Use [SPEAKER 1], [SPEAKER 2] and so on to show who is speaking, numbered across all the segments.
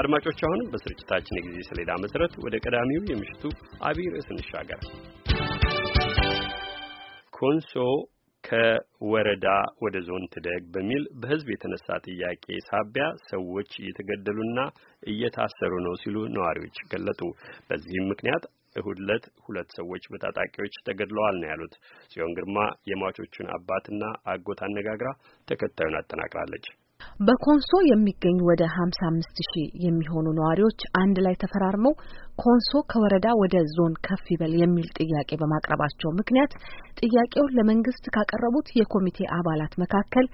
[SPEAKER 1] አድማጮች አሁንም በስርጭታችን የጊዜ ሰሌዳ መሰረት ወደ ቀዳሚው የምሽቱ አብይ ርዕስ እንሻገር። ኮንሶ ከወረዳ ወደ ዞን ትደግ በሚል በሕዝብ የተነሳ ጥያቄ ሳቢያ ሰዎች እየተገደሉና እየታሰሩ ነው ሲሉ ነዋሪዎች ገለጡ። በዚህም ምክንያት እሁድ ዕለት ሁለት ሰዎች በታጣቂዎች ተገድለዋል ነው ያሉት። ጽዮን ግርማ የሟቾቹን አባትና አጎት አነጋግራ ተከታዩን አጠናቅራለች።
[SPEAKER 2] በኮንሶ የሚገኙ ወደ 55 ሺህ የሚሆኑ ነዋሪዎች አንድ ላይ ተፈራርመው ኮንሶ ከወረዳ ወደ ዞን ከፍ ይበል የሚል ጥያቄ በማቅረባቸው ምክንያት ጥያቄውን ለመንግስት ካቀረቡት የኮሚቴ አባላት መካከል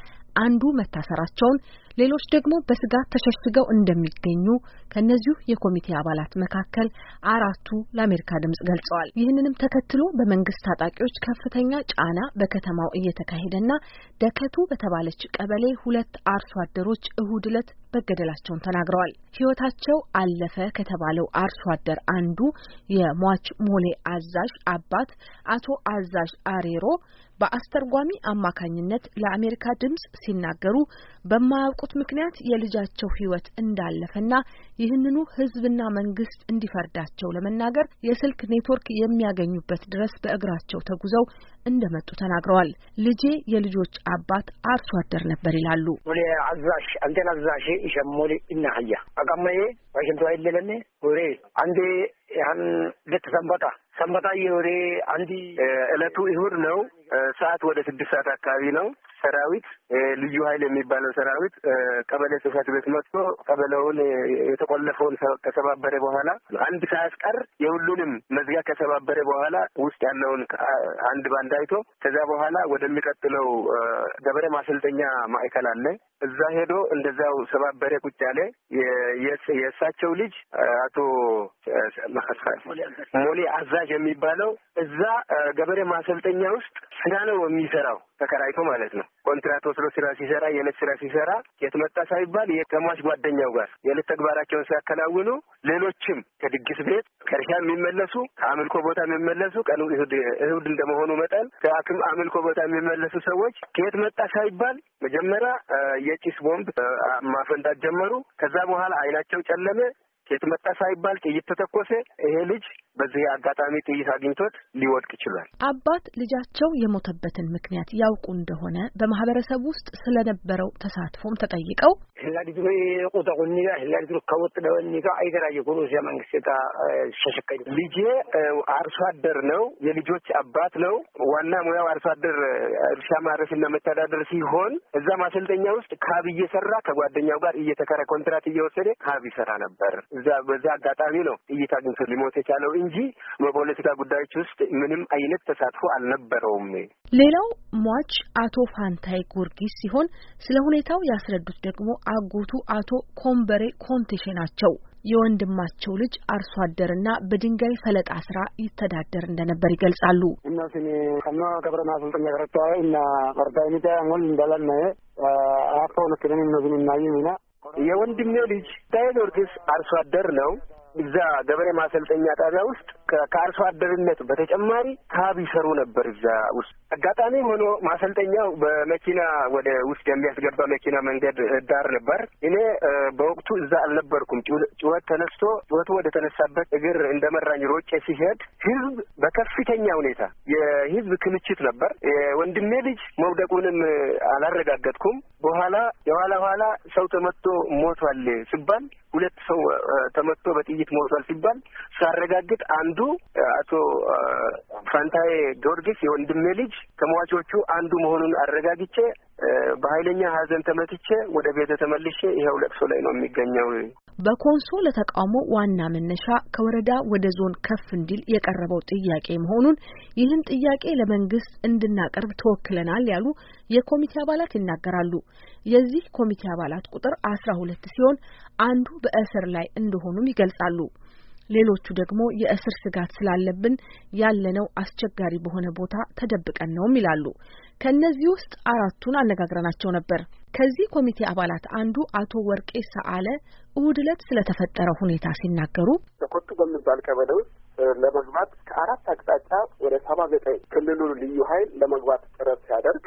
[SPEAKER 2] አንዱ መታሰራቸውን፣ ሌሎች ደግሞ በስጋት ተሸሽገው እንደሚገኙ ከእነዚሁ የኮሚቴ አባላት መካከል አራቱ ለአሜሪካ ድምጽ ገልጸዋል። ይህንንም ተከትሎ በመንግስት ታጣቂዎች ከፍተኛ ጫና በከተማው እየተካሄደና ደከቱ በተባለች ቀበሌ ሁለት አርሶ አደሮች እሁድ እለት መገደላቸውን ተናግረዋል። ህይወታቸው አለፈ ከተባለው አርሶ አደር አንዱ የሟች ሞሌ አዛዥ አባት አቶ አዛዥ አሬሮ በአስተርጓሚ አማካኝነት ለአሜሪካ ድምጽ ሲናገሩ በማያውቁት ምክንያት የልጃቸው ሕይወት እንዳለፈና ይህንኑ ሕዝብና መንግስት እንዲፈርዳቸው ለመናገር የስልክ ኔትወርክ የሚያገኙበት ድረስ በእግራቸው ተጉዘው እንደመጡ ተናግረዋል። ልጄ የልጆች አባት አርሶ አደር ነበር ይላሉ።
[SPEAKER 1] አንቴን አዛሽ ሸሞሌ እናህያ አቀመዬ አይለለኔ ሬ አንዴ ያን ልክ ሰንበጣ ሰንበታ የወሬ አንዲ እለቱ እሁድ ነው። ሰዓት ወደ ስድስት ሰዓት አካባቢ ነው። ሰራዊት ልዩ ኃይል የሚባለው ሰራዊት ቀበሌ ጽህፈት ቤት መጥቶ ቀበሌውን የተቆለፈውን ከሰባበረ በኋላ አንድ ሳያስቀር የሁሉንም መዝጊያ ከሰባበረ በኋላ ውስጥ ያለውን አንድ ባንድ አይቶ ከዛ በኋላ ወደሚቀጥለው ገበሬ ማሰልጠኛ ማዕከል አለ። እዛ ሄዶ እንደዛው ሰባበረ ቁጭ ያለ የእሳቸው ልጅ አቶ ሞሌ አዛዥ የሚባለው እዛ ገበሬ ማሰልጠኛ ውስጥ ስራ ነው የሚሰራው። ተከራይቶ ማለት ነው። ኮንትራት ወስዶ ስራ ሲሰራ የዕለት ስራ ሲሰራ የት መጣ ሳይባል ከሟች ጓደኛው ጋር የዕለት ተግባራቸውን ሲያከናውኑ ሌሎችም ከድግስ ቤት ከእርሻ የሚመለሱ ከአምልኮ ቦታ የሚመለሱ ቀኑ እሁድ እንደመሆኑ መጠን ከአክም አምልኮ ቦታ የሚመለሱ ሰዎች ከየት መጣ ሳይባል መጀመሪያ የጭስ ቦምብ ማፈንዳት ጀመሩ። ከዛ በኋላ አይናቸው ጨለመ። ከየት መጣ ሳይባል ጥይት ተተኮሰ። ይሄ ልጅ በዚህ አጋጣሚ ጥይት አግኝቶት ሊወድቅ ይችሏል።
[SPEAKER 2] አባት ልጃቸው የሞተበትን ምክንያት ያውቁ እንደሆነ በማህበረሰብ ውስጥ ስለነበረው ተሳትፎም ተጠይቀው
[SPEAKER 1] ልጄ አርሶ አደር ነው፣ የልጆች አባት ነው። ዋና ሙያው አርሶ አደር እርሻ ማረስና መተዳደር ሲሆን እዛ ማሰልጠኛ ውስጥ ካብ እየሰራ ከጓደኛው ጋር እየተከረ ኮንትራት እየወሰደ ካብ ይሰራ ነበር። እዛ በዛ አጋጣሚ ነው ጥይት አግኝቶ ሊሞት የቻለው። እንጂ በፖለቲካ ጉዳዮች ውስጥ ምንም አይነት ተሳትፎ አልነበረውም።
[SPEAKER 2] ሌላው ሟች አቶ ፋንታይ ጎርጊስ ሲሆን ስለ ሁኔታው ያስረዱት ደግሞ አጎቱ አቶ ኮምበሬ ኮንቴሼ ናቸው። የወንድማቸው ልጅ አርሶ አደርና በድንጋይ ፈለጣ ስራ ይተዳደር እንደነበር ይገልጻሉ።
[SPEAKER 1] የወንድሜ ልጅ ታይ ጊዮርጊስ አርሶ አደር ነው። እዛ ገበሬ ማሰልጠኛ ጣቢያ ውስጥ ከአርሶ አደርነት በተጨማሪ ካብ ይሰሩ ነበር። እዛ ውስጥ አጋጣሚ ሆኖ ማሰልጠኛው በመኪና ወደ ውስጥ የሚያስገባ መኪና መንገድ ዳር ነበር። እኔ በወቅቱ እዛ አልነበርኩም። ጩኸት ተነስቶ ጩኸቱ ወደ ተነሳበት እግር እንደመራኝ ሮጬ ሲሄድ ህዝብ በከፍተኛ ሁኔታ የህዝብ ክምችት ነበር። የወንድሜ ልጅ መውደቁንም አላረጋገጥኩም። በኋላ የኋላ ኋላ ሰው ተመቶ ሞቷል ሲባል ሁለት ሰው ተመቶ በጥይት ሞቷል ሲባል ሳረጋግጥ አንዱ አቶ ፋንታዬ ጊዮርጊስ የወንድሜ ልጅ ከሟቾቹ አንዱ መሆኑን አረጋግቼ በኃይለኛ ሐዘን ተመትቼ ወደ ቤተ ተመልሼ ይኸው ለቅሶ ላይ ነው የሚገኘው።
[SPEAKER 2] በኮንሶ ለተቃውሞ ዋና መነሻ ከወረዳ ወደ ዞን ከፍ እንዲል የቀረበው ጥያቄ መሆኑን ይህን ጥያቄ ለመንግስት እንድናቀርብ ተወክለናል ያሉ የኮሚቴ አባላት ይናገራሉ። የዚህ ኮሚቴ አባላት ቁጥር አስራ ሁለት ሲሆን አንዱ በእስር ላይ እንደሆኑም ይገልጻሉ። ሌሎቹ ደግሞ የእስር ስጋት ስላለብን ያለነው አስቸጋሪ በሆነ ቦታ ተደብቀን ነውም ይላሉ። ከእነዚህ ውስጥ አራቱን አነጋግረናቸው ነበር። ከዚህ ኮሚቴ አባላት አንዱ አቶ ወርቄ ሰአለ እሁድ ዕለት ስለተፈጠረው ሁኔታ ሲናገሩ
[SPEAKER 3] በኮቱ በሚባል ቀበሌ ውስጥ ለመግባት ከአራት አቅጣጫ ወደ ሰባ ዘጠኝ ክልሉን ልዩ ኃይል ለመግባት ጥረት ሲያደርግ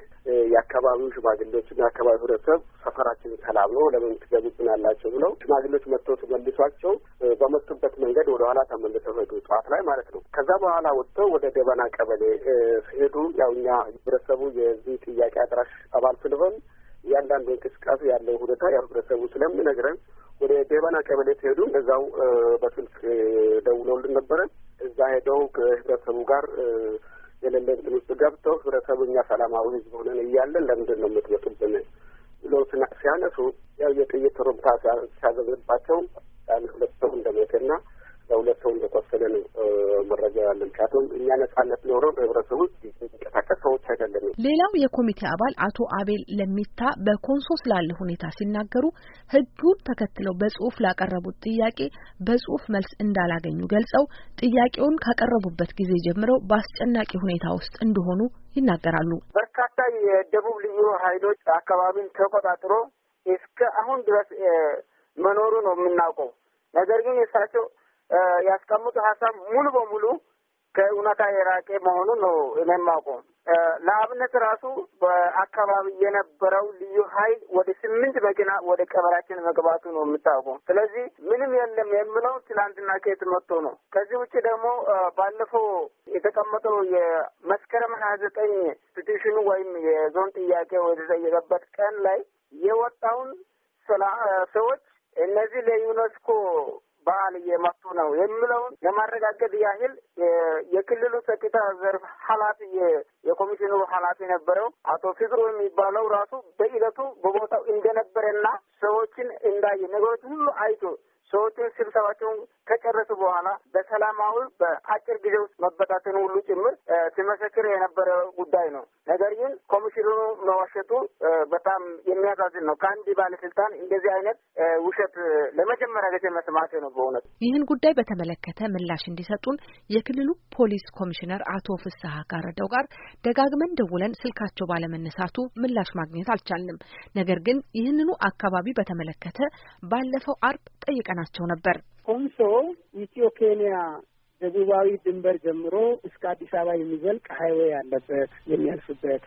[SPEAKER 3] የአካባቢው ሽማግሌዎችና የአካባቢው ህብረተሰብ ሰፈራችን ሰላም ነው ለምን ትገቡብናላችሁ ብለው ሽማግሌዎች መጥተው ሲመልሷቸው በመጡበት መንገድ ወደ ኋላ ተመልሰው ሄዱ፣ ጠዋት ላይ ማለት ነው። ከዛ በኋላ ወጥተው ወደ ደበና ቀበሌ ሲሄዱ ያው እኛ ህብረተሰቡ የዚህ ጥያቄ አድራሽ አባል ስለሆን እያንዳንዱ እንቅስቃሴ ያለው ሁኔታ ያው ህብረተሰቡ ስለሚነግረን ወደ ደበና ቀበሌ ሄዱ። እዛው በስልክ ደውለውልን ነበረ። እዛ ሄደው ከህብረተሰቡ ጋር የሌለ እንትን ውስጥ ገብተው ህብረተሰቡ እኛ ሰላማዊ ህዝብ ሆነን እያለን ለምንድን ነው የምትመጡብን ብሎ ሲያነሱ ያው የጥይት ሩምታ ሲያዘንባቸው አንድ ሁለት ሰው እንደሞተና ለሁለት ሰው እንደቆሰለ ነው መረጃ ያለን። ምክንያቱም እኛ ነጻነት ኖሮ በህብረተሰቡ ሲንቀሳቀስ ሰዎች አይደለም።
[SPEAKER 2] ሌላው የኮሚቴ አባል አቶ አቤል ለሚታ በኮንሶ ስላለ ሁኔታ ሲናገሩ ህጉን ተከትለው በጽሁፍ ላቀረቡት ጥያቄ በጽሁፍ መልስ እንዳላገኙ ገልጸው ጥያቄውን ካቀረቡበት ጊዜ ጀምረው በአስጨናቂ ሁኔታ ውስጥ እንደሆኑ ይናገራሉ።
[SPEAKER 3] በርካታ የደቡብ ልዩ ኃይሎች አካባቢን ተቆጣጥሮ እስከ አሁን ድረስ መኖሩ ነው የምናውቀው። ነገር ግን የእሳቸው ያስቀምጡ ሀሳብ ሙሉ በሙሉ ከእውነታ የራቄ መሆኑን ነው እኔም አውቀው። ለአብነት ራሱ በአካባቢ የነበረው ልዩ ኃይል ወደ ስምንት መኪና ወደ ቀበራችን መግባቱ ነው የምታውቁ። ስለዚህ ምንም የለም የምለው ትላንትና ከየት መጥቶ ነው። ከዚህ ውጭ ደግሞ ባለፈው የተቀመጠው የመስከረም ሀያ ዘጠኝ ስቲቱሽኑ ወይም የዞን ጥያቄ የተጠየቀበት ቀን ላይ የወጣውን ሰዎች እነዚህ ለዩኔስኮ በዓል እየመጡ ነው የሚለውን ለማረጋገጥ ያህል የክልሉ ጸጥታ ዘርፍ ኃላፊ የኮሚሽኑ ኃላፊ ነበረው አቶ ፍቅሩ የሚባለው ራሱ በኢለቱ በቦታው እንደነበረና ሰዎችን እንዳየ ነገሮች ሁሉ አይቶ ሰዎችን ስብሰባቸውን ከጨረሱ በኋላ በሰላማዊ በአጭር ጊዜ ውስጥ መበታተኑ ሁሉ ጭምር ሲመሰክር የነበረ ጉዳይ ነው። ነገር ግን ኮሚሽኑ መዋሸቱ በጣም የሚያሳዝን ነው። ከአንድ ባለስልጣን እንደዚህ አይነት ውሸት ለመጀመሪያ ጊዜ መስማት ነው በእውነት።
[SPEAKER 2] ይህን ጉዳይ በተመለከተ ምላሽ እንዲሰጡን የክልሉ ፖሊስ ኮሚሽነር አቶ ፍስሀ ጋረደው ጋር ደጋግመን ደውለን ስልካቸው ባለመነሳቱ ምላሽ ማግኘት አልቻልንም። ነገር ግን ይህንኑ አካባቢ በተመለከተ ባለፈው አርብ ጠይቀናቸው ነበር።
[SPEAKER 3] ኮንሶ ኢትዮ ኬንያ ደቡባዊ ድንበር ጀምሮ እስከ አዲስ አበባ የሚዘልቅ ሀይዌ ያለበት የሚያልፍበት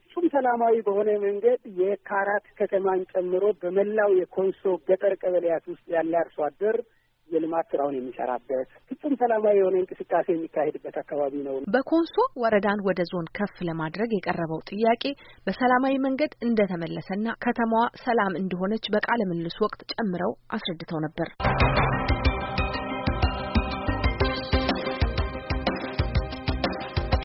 [SPEAKER 3] ፍጹም ሰላማዊ በሆነ መንገድ የካራት ከተማን ጨምሮ በመላው የኮንሶ ገጠር ቀበሌያት ውስጥ ያለ አርሶ አደር የልማት ስራውን የሚሰራበት ፍጹም ሰላማዊ የሆነ እንቅስቃሴ የሚካሄድበት አካባቢ ነው።
[SPEAKER 2] በኮንሶ ወረዳን ወደ ዞን ከፍ ለማድረግ የቀረበው ጥያቄ በሰላማዊ መንገድ እንደተመለሰና ከተማዋ ሰላም እንደሆነች በቃለ ምልልስ ወቅት ጨምረው አስረድተው ነበር።